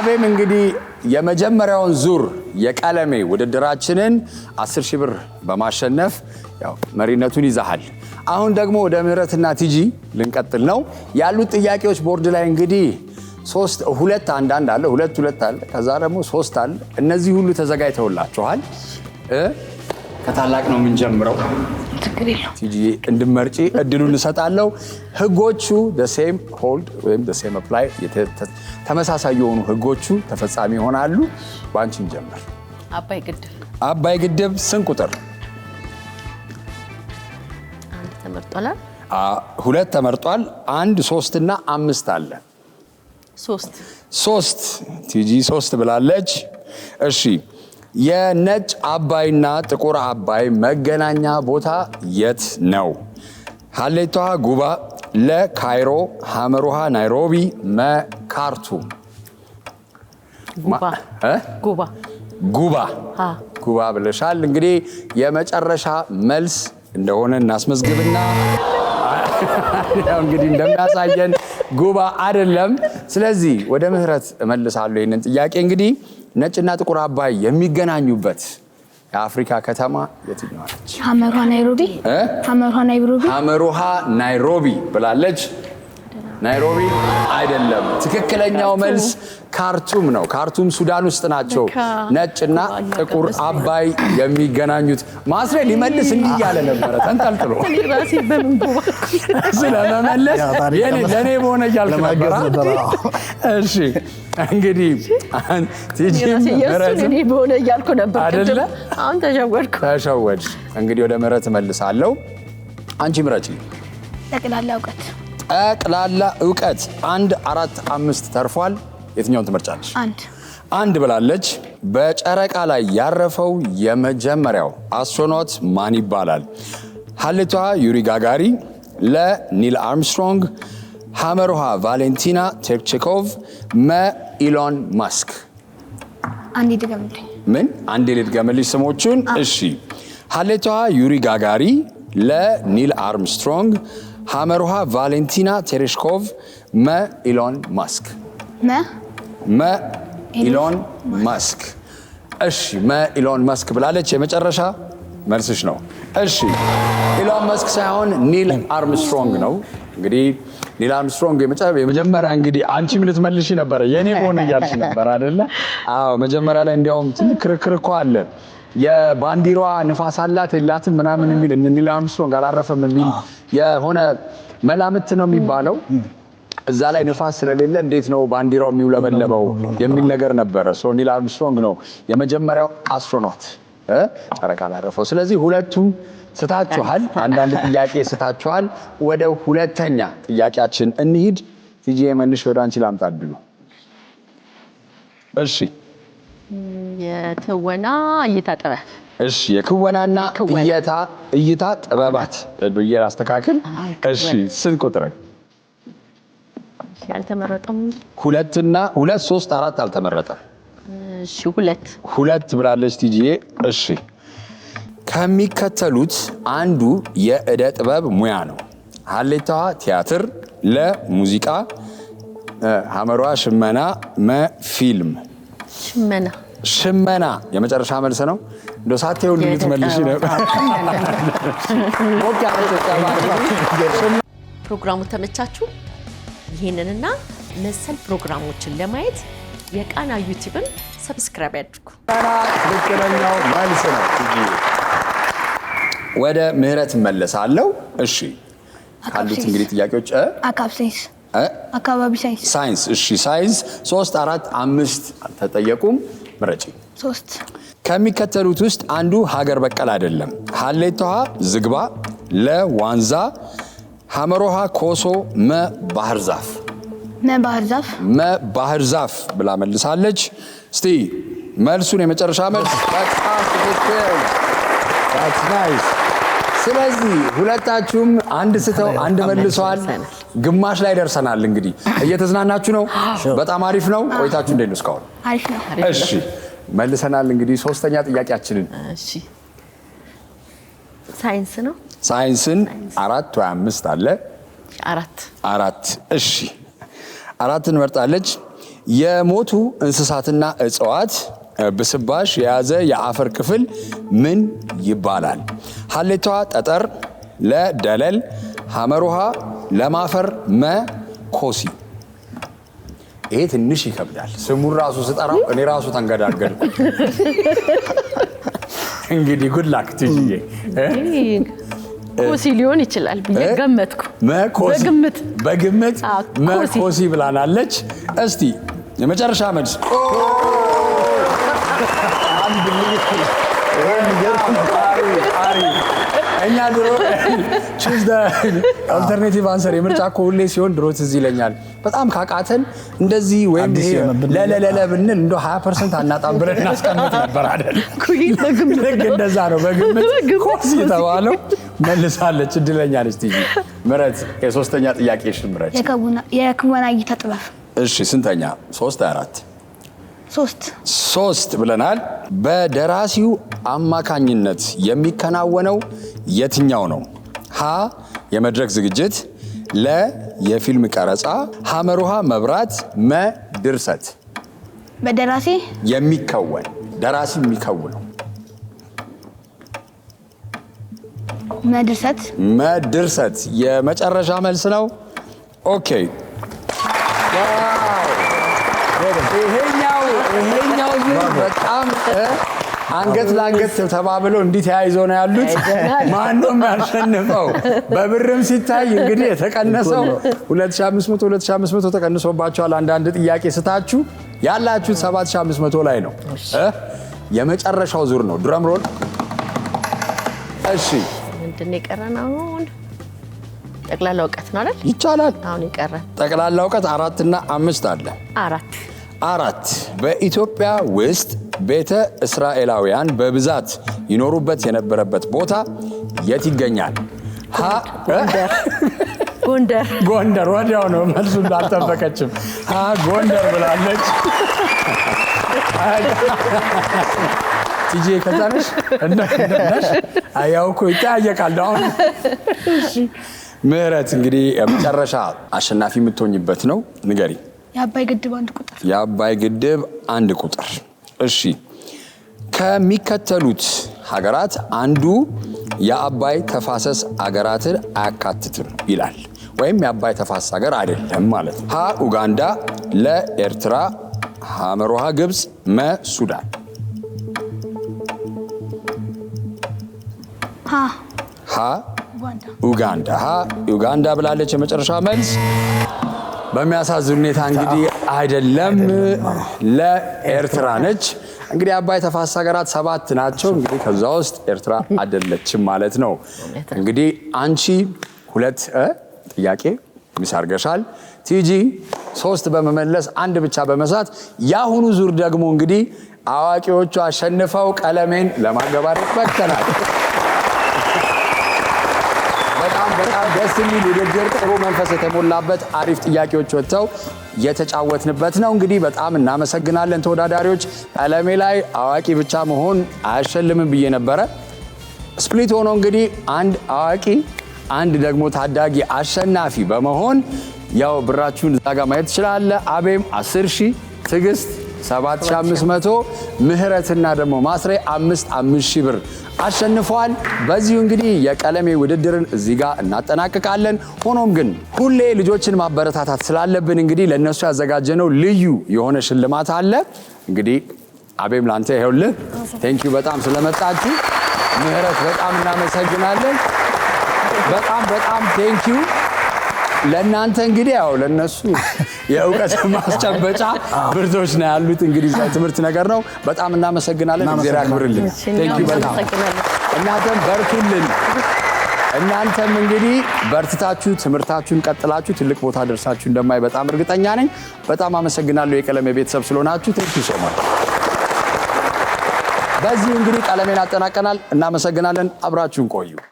አቤም እንግዲህ የመጀመሪያውን ዙር የቀለሜ ውድድራችንን 10 ሺህ ብር በማሸነፍ መሪነቱን ይዛሃል። አሁን ደግሞ ወደ ምህረትና ቲጂ ልንቀጥል ነው። ያሉት ጥያቄዎች ቦርድ ላይ እንግዲህ ሶስት ሁለት አንዳንድ አለ ሁለት ሁለት አለ ከዛ ደግሞ ሶስት አለ። እነዚህ ሁሉ ተዘጋጅተውላችኋል። ከታላቅ ነው የምንጀምረው። እንድመርጪ እድሉን እሰጣለሁ። ህጎቹ ሴም ሆልድ ወይም ሴም አፕላይ ተመሳሳይ የሆኑ ህጎቹ ተፈጻሚ ይሆናሉ። በአንቺን ጀምር። አባይ ግድብ አባይ ግድብ ስንት ቁጥር? ሁለት ተመርጧል። አንድ ሶስት እና አምስት አለ። ሶስት ቲጂ ሶስት ብላለች። እሺ የነጭ አባይና ጥቁር አባይ መገናኛ ቦታ የት ነው? ሀሌቷ ጉባ፣ ለካይሮ፣ ሐመሩሃ ናይሮቢ፣ መካርቱም። ጉባ ጉባ ብለሻል። እንግዲህ የመጨረሻ መልስ እንደሆነ እናስመዝግብና እንግዲህ እንደሚያሳየን ጉባ አይደለም። ስለዚህ ወደ ምህረት እመልሳለሁ ይህንን ጥያቄ። እንግዲህ ነጭና ጥቁር አባይ የሚገናኙበት የአፍሪካ ከተማ የትኛዋ ናይሮቢ ሀመሩሃ ናይሮቢ ብላለች። ናይሮቢ አይደለም። ትክክለኛው መልስ ካርቱም ነው። ካርቱም ሱዳን ውስጥ ናቸው። ነጭና ጥቁር አባይ የሚገናኙት ማስሬ ሊመልስ እንዲህ እያለ ነበረ ተንጠልጥሎ ስለመመለስ ለእኔ በሆነ እያልክ ነበራ። እሺ እንግዲህ ቲጂም እያልኩ ነበር አሁን ተሸወድኩ። ተሸወድሽ። እንግዲህ ወደ ምረት እመልሳለሁ። አንቺ ምረጪ። ጠቅላላ እውቀት ጠቅላላ እውቀት አንድ አራት አምስት ተርፏል። የትኛውን ትመርጫለች? አንድ አንድ ብላለች። በጨረቃ ላይ ያረፈው የመጀመሪያው አስትሮኖት ማን ይባላል? ሀሌቷ ዩሪ ጋጋሪ፣ ለ ኒል አርምስትሮንግ፣ ሐመርሃ ቫሌንቲና ቴፕቼኮቭ፣ መ ኢሎን ማስክ። ምን አንዴ ልድገምልሽ ስሞቹን? እሺ ሀሌቷ ዩሪ ጋጋሪ፣ ለ ኒል አርምስትሮንግ ሐመርሃ ቫሌንቲና ቴሬሽኮቭ መ ኢሎን ማስክ መ ኢሎን ማስክ። እሺ መ ኢሎን ማስክ ብላለች። የመጨረሻ መልስሽ ነው። እሺ ኢሎን መስክ ሳይሆን ኒል አርምስትሮንግ ነው። እንግዲህ ኒል አርምስትሮንግ የመጀመሪያ እንግዲህ አንቺም ልትመልሽ ነበረ የኔ ሆነ እያልሽ ነበር አደለ? አዎ መጀመሪያ ላይ እንዲያውም ትልቅ ክርክር እኮ አለ። የባንዲሯ ንፋስ አላት የላትም ምናምን የሚል ኒል አርምስትሮንግ አላረፈም የሚል የሆነ መላምት ነው የሚባለው እዛ ላይ ንፋስ ስለሌለ እንዴት ነው ባንዲራው የሚውለበለበው የሚል ነገር ነበረ። ኒል አርምስትሮንግ ነው የመጀመሪያው አስትሮኖት ጨረቃ ላረፈው። ስለዚህ ሁለቱ ስታችኋል፣ አንዳንድ ጥያቄ ስታችኋል። ወደ ሁለተኛ ጥያቄያችን እንሂድ። ቲጂ መንሽ ወደ አንቺ ላምጣ ድሉ። እሺ፣ የትወና እይታ ጥበብ እሺ የክወናና እይታ እይታ ጥበባት ብዬ አስተካክል። እሺ ስንት ቁጥር? አልተመረጠም። ሁለትና ሁለት፣ ሶስት፣ አራት አልተመረጠም። እሺ ሁለት ሁለት ብላለች ቲጂዬ። እሺ ከሚከተሉት አንዱ የእደ ጥበብ ሙያ ነው። ሀሌታዋ ቲያትር፣ ለሙዚቃ ሀመሯ ሽመና፣ መፊልም ፊልም። ሽመና ሽመና የመጨረሻ መልስ ነው። እንደ ሳቴው ሁሉ መልሽ ነበር። ፕሮግራሙ ተመቻችሁ? ይህንንና መሰል ፕሮግራሞችን ለማየት የቃና ዩቲዩብን ሰብስክራይብ ያድርጉ። ቃና ትክክለኛው መልስ ነው። ወደ ምህረት መለሳለው። እሺ ካሉት እንግዲህ ጥያቄዎች አካባቢ ሳይንስ። እሺ ሳይንስ ሶስት፣ አራት፣ አምስት አልተጠየቁም። ምረጪ ሶስት ከሚከተሉት ውስጥ አንዱ ሀገር በቀል አይደለም። ሀሌቶሃ ዝግባ፣ ለዋንዛ፣ ሐመሮሃ ኮሶ፣ መ ባህር ዛፍ መ ባህር ዛፍ ብላ መልሳለች። እስቲ መልሱን የመጨረሻ መልስ በጣም ስለዚህ ሁለታችሁም አንድ ስተው አንድ መልሰዋል። ግማሽ ላይ ደርሰናል። እንግዲህ እየተዝናናችሁ ነው። በጣም አሪፍ ነው ቆይታችሁ። እንዴት ነው እስካሁን? እሺ መልሰናል። እንግዲህ ሶስተኛ ጥያቄያችንን ሳይንስ ነው። ሳይንስን አራት ወይ አምስት አለ አራት አራት። እሺ አራትን መርጣለች። የሞቱ እንስሳትና እጽዋት ብስባሽ የያዘ የአፈር ክፍል ምን ይባላል? ሀሌቷ ጠጠር፣ ለደለል ሐመር ውሃ ለማፈር መ ኮሲ ይሄ ትንሽ ይከብዳል። ስሙን ራሱ ስጠራው እኔ ራሱ ተንገዳገድኩ። እንግዲህ ጉድላክ ትዬ ኮሲ ሊሆን ይችላል ብዬ ገመትኩ። በግምት በግምት መኮሲ ብላናለች። እስቲ የመጨረሻ መልስ አንድ እኛ ድሮ ቹዝ አልተርኔቲቭ አንሰር የምርጫ እኮ ሁሌ ሲሆን ድሮ ትዝ ይለኛል። በጣም ካቃተን እንደዚህ ወይም ለለለለ ብንል እንደ 20 ፐርሰንት አናጣም ብለን እናስቀምጥ ነበር አይደል? ልክ እንደዛ ነው። በግምት ኮስ የተባለው መልሳለች። እድለኛ ነች። ምረት የሶስተኛ ጥያቄ ሽምረች የክወና እይታ ጥበብ እሺ፣ ስንተኛ? ሶስት አራት ሶስት ሶስት ብለናል። በደራሲው አማካኝነት የሚከናወነው የትኛው ነው? ሀ የመድረክ ዝግጅት፣ ለ የፊልም ቀረጻ፣ ሐመሩሃ መብራት፣ መ ድርሰት። በደራሲ የሚከወን ደራሲ የሚከውነው መድርሰት መድርሰት የመጨረሻ መልስ ነው። ኦኬ ይሄኛው ይሄኛው በጣም አንገት ለአንገት ተባብለው እንዲህ ተያይዘው ነው ያሉት። ማነው የሚያሸንፈው? በብርም ሲታይ እንግዲህ የተቀነሰው 2500 2500 ተቀንሶባቸዋል። አንዳንድ ጥያቄ ስታችሁ ያላችሁት 7500 ላይ ነው። የመጨረሻው ዙር ነው። ድረም ሮል። እሺ ምንድን የቀረን አሁን? ጠቅላላ እውቀት ነው አይደል? ይቻላል። አሁን የቀረን ጠቅላላ እውቀት አራትና አምስት አለ። አራት አራት በኢትዮጵያ ውስጥ ቤተ እስራኤላውያን በብዛት ይኖሩበት የነበረበት ቦታ የት ይገኛል? ጎንደር። ጎንደር ወዲያው ነው መልሱ፣ እንዳልጠበቀችም ጎንደር ብላለች። ቲጂ ከዛነሽ እነሽ ያው እኮ ይጠያየቃል። አሁን ምህረት እንግዲህ መጨረሻ አሸናፊ የምትሆኝበት ነው። ንገሪ። የአባይ ግድብ አንድ ቁጥር። የአባይ ግድብ አንድ ቁጥር እሺ ከሚከተሉት ሀገራት አንዱ የአባይ ተፋሰስ ሀገራትን አያካትትም ይላል። ወይም የአባይ ተፋሰስ ሀገር አይደለም ማለት ነው። ሀ ኡጋንዳ፣ ለኤርትራ ሀመሮሃ ግብፅ፣ መ ሱዳን። ሀ ኡጋንዳ ሀ ኡጋንዳ ብላለች። የመጨረሻ መልስ በሚያሳዝን ሁኔታ እንግዲህ አይደለም ለኤርትራ ነች። እንግዲህ አባይ ተፋሰስ ሀገራት ሰባት ናቸው። እንግዲህ ከዛ ውስጥ ኤርትራ አይደለችም ማለት ነው። እንግዲህ አንቺ ሁለት ጥያቄ ሚስ አድርገሻል። ቲጂ ሶስት በመመለስ አንድ ብቻ በመሳት የአሁኑ ዙር ደግሞ እንግዲህ አዋቂዎቹ አሸንፈው ቀለሜን ለማገባደድ በቅተናል። በጣም በጣም ደስ የሚል ውድድር፣ ጥሩ መንፈስ የተሞላበት አሪፍ ጥያቄዎች ወጥተው የተጫወትንበት ነው። እንግዲህ በጣም እናመሰግናለን ተወዳዳሪዎች። ቀለሜ ላይ አዋቂ ብቻ መሆን አያሸልምም ብዬ ነበረ። ስፕሊት ሆኖ እንግዲህ አንድ አዋቂ አንድ ደግሞ ታዳጊ አሸናፊ በመሆን ያው ብራችሁን እዛ ማየት ትችላለ። አቤም 10 ሺህ ትዕግስት 7500 ምህረትና ደግሞ ማስሬ 5 5000 ብር አሸንፈዋል። በዚሁ እንግዲህ የቀለሜ ውድድርን እዚህ ጋር እናጠናቅቃለን። ሆኖም ግን ሁሌ ልጆችን ማበረታታት ስላለብን እንግዲህ ለእነሱ ያዘጋጀነው ልዩ የሆነ ሽልማት አለ። እንግዲህ አቤም ላንተ ይኸውልህ። ቴንኪዩ በጣም ስለመጣችሁ ምህረት፣ በጣም እናመሰግናለን። በጣም በጣም ቴንኪዩ ለእናንተ እንግዲህ ያው ለነሱ የእውቀት ማስጨበጫ ብርቶች ነው ያሉት። እንግዲህ ትምህርት ነገር ነው። በጣም እናመሰግናለን። እግዚአብሔር ያክብርልን። እናንተም በርቱልን። እናንተም እንግዲህ በርትታችሁ ትምህርታችሁን ቀጥላችሁ ትልቅ ቦታ ደርሳችሁ እንደማይ በጣም እርግጠኛ ነኝ። በጣም አመሰግናለሁ የቀለሜ ቤተሰብ ስለሆናችሁ። ቴንኪ ሶ ማች። በዚህ እንግዲህ ቀለሜን አጠናቀናል። እናመሰግናለን። አብራችሁን ቆዩ።